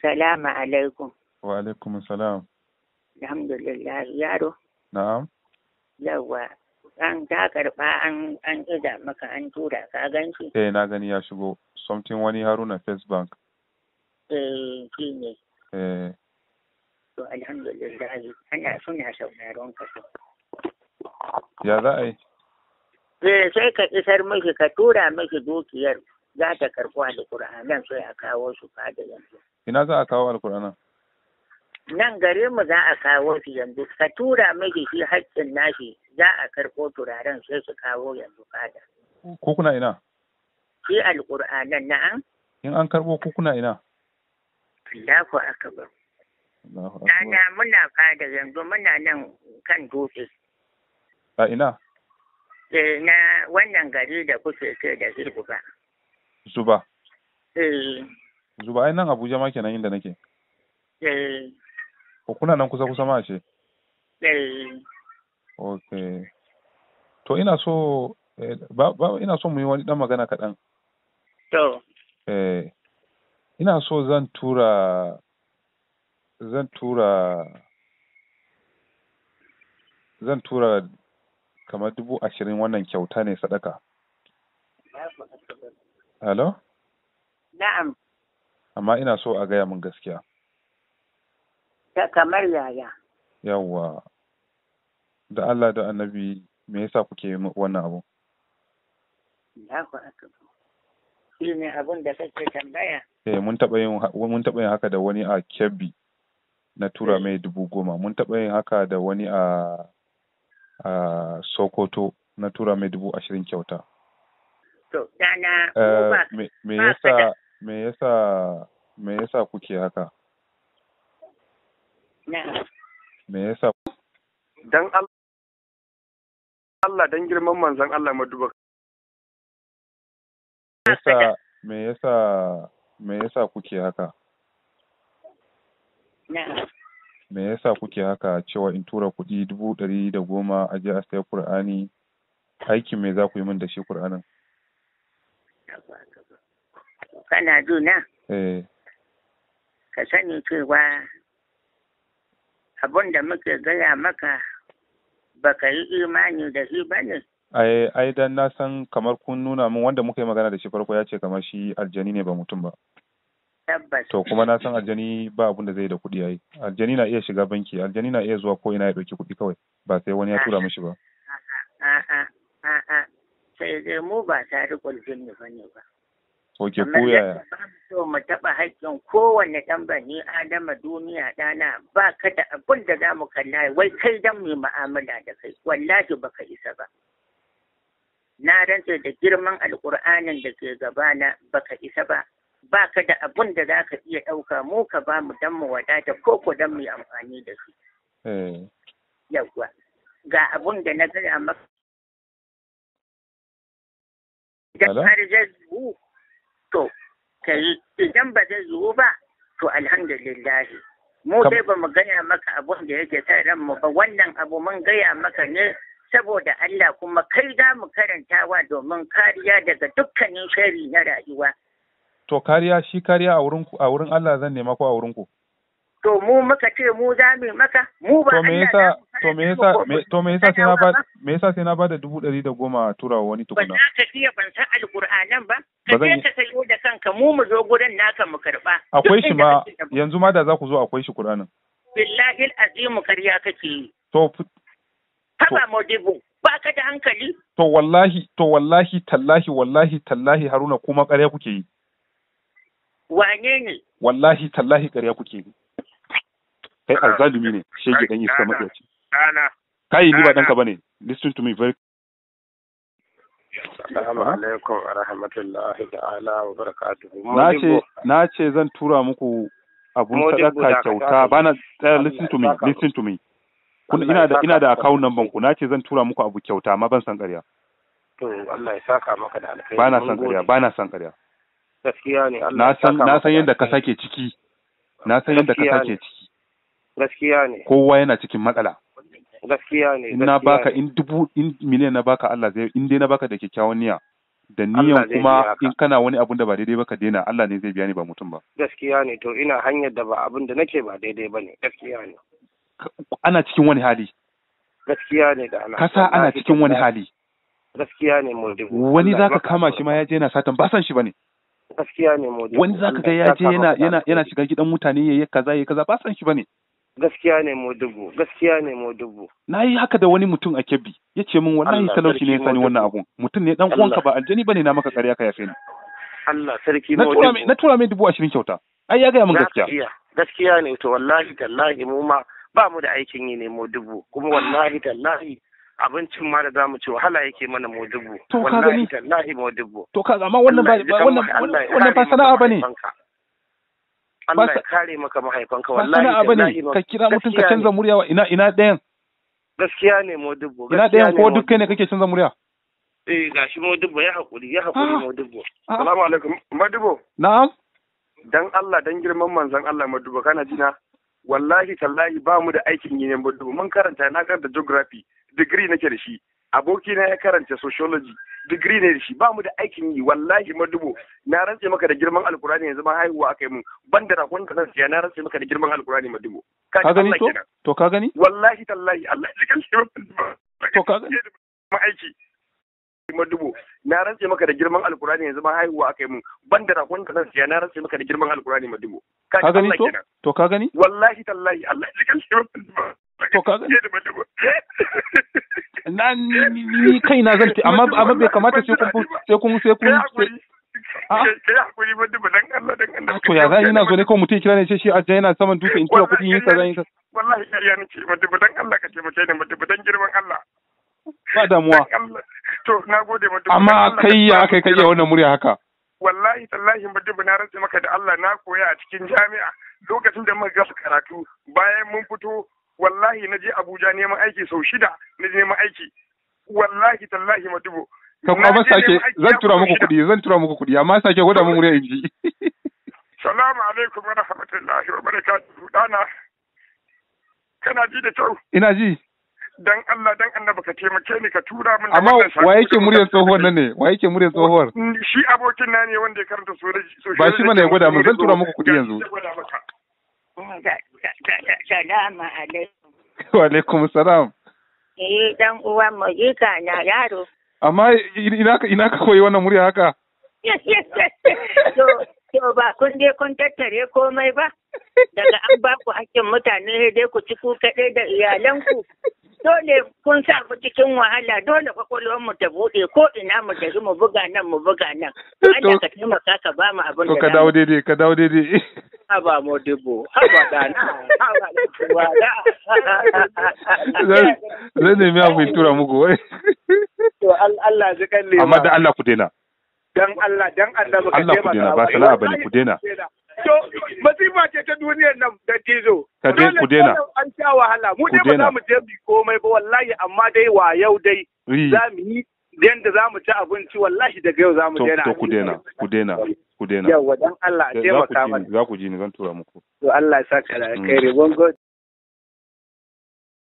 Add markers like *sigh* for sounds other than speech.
Salamu alaikum. Wa alaikum salam. Alhamdulillah yaro. Na'am. Yawwa. An ta karɓa an an ida maka an tura ka gan shi. Eh na gani ya shigo. Something wani Haruna First Bank. Eh shi ne. Eh. To alhamdulillah ana suna sauraron ka. Ya za a yi? Eh sai ka isar miki ka tura miki dukiyar za ta karɓo alƙur'anan sai a kawo su fada yanzu. ina za a kawo alkur'anin nan gare mu za a kawo shi yanzu ka tura miki shi haƙƙin nashi za a karɓo turaren sai su kawo yanzu kada ko kuna ina shi alkur'anan na'am in an karɓo ko kuna ina Allahu akbar Nana muna fada yanzu muna nan kan dutse. A ina? Eh na wannan gari da kuke ce da Zuba. Zuba. Eh. Zuba ai nan Abuja ma kenan inda nake. Eh. Ko kuna nan kusa kusa ma ce? Eh. Okay. To ina so eh, ba, ba ina so mu yi wani dan magana kaɗan. To. Eh. Ina so zan tura zan tura zan tura kamar dubu ashirin wannan kyauta ne sadaka. Hello? Na'am. amma ina so a gaya min gaskiya kamar yaya yawwa da Allah da annabi me yasa kuke wannan abu shi ne abun da kake tambaya eh mun taɓa yin haka da wani a Kebbi na tura eh. mai dubu goma mun taɓa yin haka da wani a a Sokoto na tura mai dubu ashirin kyauta to dana eh, me yasa me yasa me yasa kuke haka me yasa dan Allah dan girman manzon Allah me yasa me yasa me yasa kuke haka me yasa kuke haka cewa in tura kuɗi dubu ɗari da goma a je a saya Kur'ani aikin me za ku yi min da shi Kur'anin kana juna? Eh. ka sani cewa abun da muke gaya maka baka yi imani da shi ba ne ai dan na san kamar kun nuna min wanda muka yi magana da shi farko ya ce kamar shi aljani ne ba mutum ba tabbas to kuma na san aljani ba abun da zai da kuɗi yayi aljani na iya shiga banki aljani na iya zuwa ko ina ya ɗauki kuɗi kawai ba sai wani ya tura mishi ba a'a a'a a'a, sai dai mu ba tarikul jinni bane ba Oke ko so mu taɓa haƙƙin kowane ɗan bani adama duniya ɗana ba ka da abin da za mu kalla wai kai dan mu mu'amala da kai wallahi ba ka isa ba na rantse da girman alƙur'anin da ke gabana ba ka isa ba ba ka da abin da za ka iya ɗauka mu ka ba mu dan mu wadata ko ko dan mu amfani da shi. Eh. Yawwa ga abin da na gaya maka. Idan har zai to ka yi idan ba zai zuwa ba to alhamdulillah mu dai ba mu gaya maka abun da yake ta ran mu ba wannan abu mun gaya maka ne saboda Allah kuma kai za mu karantawa domin kariya daga dukkanin shari na rayuwa to kariya shi kariya a wurin a wurin Allah zan nema ko a wurin ku to mu muka ce mu za mu maka mu ba Allah to me yasa to me yasa sai na ba me yasa sai na ba da dubu ɗari da goma tura wani tukuna ba za ka fiye ban san alƙur'anan ba ka je ka sayo da kanka mu mu zo gurin naka mu karba akwai shi ma yanzu ma da za ku zo akwai shi ƙuranin. billahi azimu karya kake yi to haba dubu, ba ka da hankali to wallahi to wallahi tallahi wallahi tallahi haruna kuma ƙarya kuke yi wane ne wallahi tallahi ƙarya kuke yi kai ah. azzalumi ne shege dan suka maƙiyaci ɗana. Kai ni ba dan ka bane Listen to me very Assalamu alaikum wa rahmatullahi ta'ala wa barakatuhu. Na ce zan tura muku abun sadaka kyauta bana eh, listen to me listen to me. Kun ina da ina da account number ku na ce zan tura muku abu kyauta amma ban san ƙarya. To Allah ya saka maka da alkhairi. Bana san ƙarya bana san ƙarya. Gaskiya ne Allah ya saka na san yadda ka sake ciki. Na san yadda ka sake ciki. Gaskiya ne. Kowa yana cikin matsala. gaskiya ne na baka in dubu in miliyan na baka Allah zai in dai na baka da kyakkyawan niyya da niyan kuma in kana wani abun da ba daidai ba ka daina Allah ne zai biya ni ba mutum ba gaskiya ne to ina hanyar da ba abun da nake ba daidai ba ne gaskiya ne ana cikin wani hali gaskiya ne da ana kasa ana cikin wani hali gaskiya ne mu wani zaka kama shi ma ya je yana satan ba san shi bane gaskiya ne mu wani zaka ga ya je yana yana yana shiga gidan mutane yayi kaza yayi kaza ba san shi bane gaskiya ne mo dubu gaskiya ne mo dubu na yi haka da wani mutum a kebbi ya ce min wallahi talauci ne ya sani wannan abun mutum ne dan uwanka ba aljani bane na maka kariya ka yafe ni Allah sarki mu dubu na tura mai dubu ashirin kyauta ai ya gaya min gaskiya gaskiya ne to wallahi tallahi mu ma ba mu da aikin yi ne mo dubu kuma wallahi tallahi abincin ma da za mu ci wahala yake mana mu dubu. Wallahi tallahi mu dubu. To ka amma wannan ba wannan wannan ba sana'a bane. Allah ya kare maka mahaifanka wallahi ba abu ne ka kira mutum ka canza murya wa ina ina ɗayan gaskiya ne mo ina ɗayan ko duk kai ne kake canza murya eh gashi mo ya hakuri ya hakuri ah, mo assalamu ah. alaikum madubo na'am dan Allah dan girman manzon Allah madubo kana jina wallahi tallahi ba mu da aikin yin madubo mun karanta na karanta geography degree nake da shi na ya karanta sociology degree ne da shi ba mu da aikin yi wallahi madubo na rantse maka da girman alkurani yanzu ma haihuwa akai mun ban da rakon da siya na rantse maka da girman alkurani madubo ka gani to to ka gani wallahi tallahi Allah ya kalle shi to ka gani ma aiki madubo na rantse maka da girman alkurani yanzu ma haihuwa akai mun ban da rakon da siya na rantse maka da girman alkurani madubo ka gani to to ka gani wallahi tallahi Allah ya kalle shi to kaga na ni kai na zan amma amma bai kamata sai kun sai kun sai kun ah? a to ya yi ina zo ne kawai mutum kira ne sai shi ajiya yana saman dutse in tura kudi yin sa zan yi sa wallahi ƙarya nake madubu dan Allah ka mu ni madubu dan girman Allah ba damuwa to na gode madubu amma kai ya kai kai wannan murya haka wallahi tallahi madubu na rantsa maka da Allah na koya a cikin jami'a lokacin da muka gasa karatu bayan mun fito wallahi na je Abuja neman aiki sau shida na je neman aiki wallahi tallahi dubo. ka kuma sake zan tura muku kuɗi zan tura muku kuɗi amma sake gwada mun wurin inji salamu alaikum wa rahmatullahi wa barakatuhu dana kana ji da kyau ina ji dan Allah dan annaba ka taimake ni ka tura min amma wa yake muryar tsohuwar nan ne wa yake muryar tsohuwar shi abokin na ne wanda ya karanta sojoji ba shi mana ya gwada min zan tura muku kuɗi yanzu Salamu alaikum. *laughs* Wa alaikum salam. Eh dan uwan mu jika na yaro. Amma ina ka ina ka koyi wannan murya haka? *laughs* To ba kun dai kun tattare komai ba. Daga an ba ku hakkin mutane dai ku ci ku kaɗai da iyalanku. dole kun sa ku cikin wahala dole kwakwalwar mu ta buɗe, ko ina mu tafi mu buga nan mu buga nan. *laughs* Allah ka taimaka ka ba mu abin da. To ka dawo daidai ka dawo daidai. haba modibo haba dana haba da zan nemi abin tura muku wai to Allah zai kan nema amma da Allah ku dena dan Allah dan Allah ka Allah ku dena ba sala bane ku dena to masifa ce ta duniyar nan da tizo ka dai ku dena an sha wahala mu dai ba za mu je bi komai ba wallahi amma dai wa yau dai za mu yi yanda za mu ci abinci wallahi daga yau za mu daina to ku dena ku dena ku daina yawa dan Allah a taimaka mana za ku ji ni zan tura muku to Allah ya saka da alkhairi mm. god